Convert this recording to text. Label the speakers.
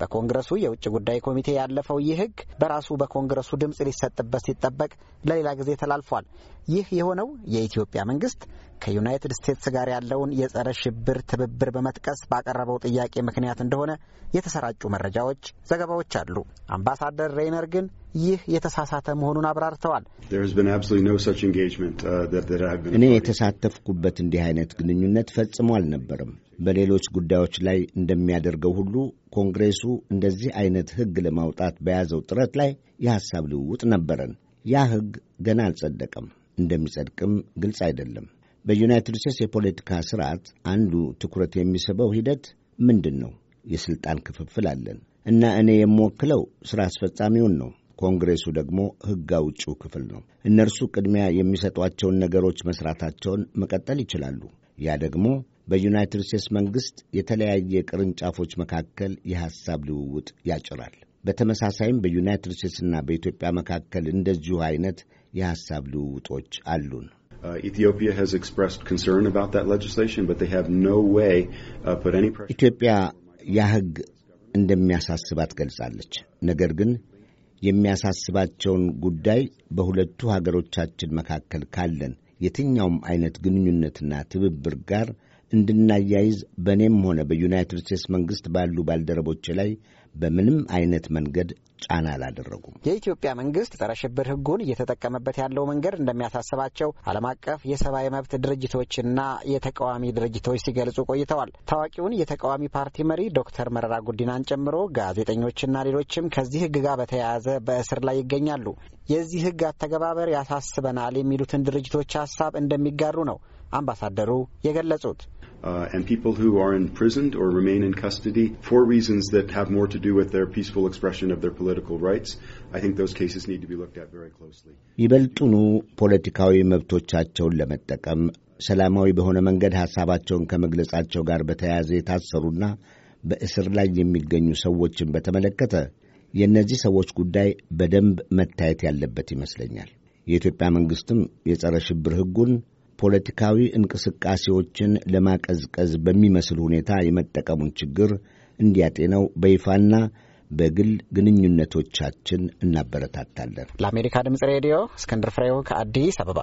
Speaker 1: በኮንግረሱ የውጭ ጉዳይ ኮሚቴ ያለፈው ይህ ህግ በራሱ በኮንግረሱ ድምፅ ሊሰጥበት ሲጠበቅ ለሌላ ጊዜ ተላልፏል። ይህ የሆነው የኢትዮጵያ መንግስት ከዩናይትድ ስቴትስ ጋር ያለውን የጸረ ሽብር ትብብር በመጥቀስ ባቀረበው ጥያቄ ምክንያት እንደሆነ የተሰራጩ መረጃዎች፣ ዘገባዎች አሉ። አምባሳደር ሬይነር ግን ይህ የተሳሳተ መሆኑን አብራርተዋል።
Speaker 2: uh, እኔ የተሳተፍኩበት እንዲህ አይነት
Speaker 3: ግንኙነት ፈጽሞ አልነበርም። በሌሎች ጉዳዮች ላይ እንደሚያደርገው ሁሉ ኮንግሬሱ እንደዚህ አይነት ሕግ ለማውጣት በያዘው ጥረት ላይ የሐሳብ ልውውጥ ነበረን። ያ ሕግ ገና አልጸደቀም፣ እንደሚጸድቅም ግልጽ አይደለም። በዩናይትድ ስቴትስ የፖለቲካ ስርዓት አንዱ ትኩረት የሚስበው ሂደት ምንድን ነው? የሥልጣን ክፍፍል አለን እና እኔ የምወክለው ሥራ አስፈጻሚውን ነው። ኮንግሬሱ ደግሞ ሕግ አውጪው ክፍል ነው። እነርሱ ቅድሚያ የሚሰጧቸውን ነገሮች መሥራታቸውን መቀጠል ይችላሉ። ያ ደግሞ በዩናይትድ ስቴትስ መንግሥት የተለያየ ቅርንጫፎች መካከል የሐሳብ ልውውጥ ያጭራል። በተመሳሳይም በዩናይትድ ስቴትስና በኢትዮጵያ መካከል እንደዚሁ አይነት
Speaker 2: የሐሳብ ልውውጦች አሉን። ኢትዮጵያ ያ ሕግ
Speaker 3: እንደሚያሳስባት ገልጻለች። ነገር ግን የሚያሳስባቸውን ጉዳይ በሁለቱ ሀገሮቻችን መካከል ካለን የትኛውም አይነት ግንኙነትና ትብብር ጋር እንድናያይዝ በእኔም ሆነ በዩናይትድ ስቴትስ መንግስት ባሉ ባልደረቦች ላይ በምንም አይነት መንገድ ጫና አላደረጉም።
Speaker 1: የኢትዮጵያ መንግስት ጸረ ሽብር ህጉን እየተጠቀመበት ያለው መንገድ እንደሚያሳስባቸው ዓለም አቀፍ የሰብአዊ መብት ድርጅቶችና የተቃዋሚ ድርጅቶች ሲገልጹ ቆይተዋል። ታዋቂውን የተቃዋሚ ፓርቲ መሪ ዶክተር መረራ ጉዲናን ጨምሮ ጋዜጠኞችና ሌሎችም ከዚህ ህግ ጋር በተያያዘ በእስር ላይ ይገኛሉ። የዚህ ህግ አተገባበር ያሳስበናል የሚሉትን ድርጅቶች ሀሳብ እንደሚጋሩ ነው አምባሳደሩ
Speaker 2: የገለጹት። uh, and people who are imprisoned or remain in custody for reasons that have more to do with their peaceful expression of their political rights. I think those cases need to be looked at very closely.
Speaker 3: ይበልጡኑ ፖለቲካዊ መብቶቻቸውን ለመጠቀም ሰላማዊ በሆነ መንገድ ሐሳባቸውን ከመግለጻቸው ጋር በተያያዘ የታሰሩና በእስር ላይ የሚገኙ ሰዎችን በተመለከተ የእነዚህ ሰዎች ጉዳይ በደንብ መታየት ያለበት ይመስለኛል። የኢትዮጵያ መንግሥትም የጸረ ሽብር ሕጉን ፖለቲካዊ እንቅስቃሴዎችን ለማቀዝቀዝ በሚመስል ሁኔታ የመጠቀሙን ችግር እንዲያጤነው በይፋና በግል ግንኙነቶቻችን እናበረታታለን። ለአሜሪካ ድምፅ ሬዲዮ እስክንድር ፍሬው ከአዲስ አበባ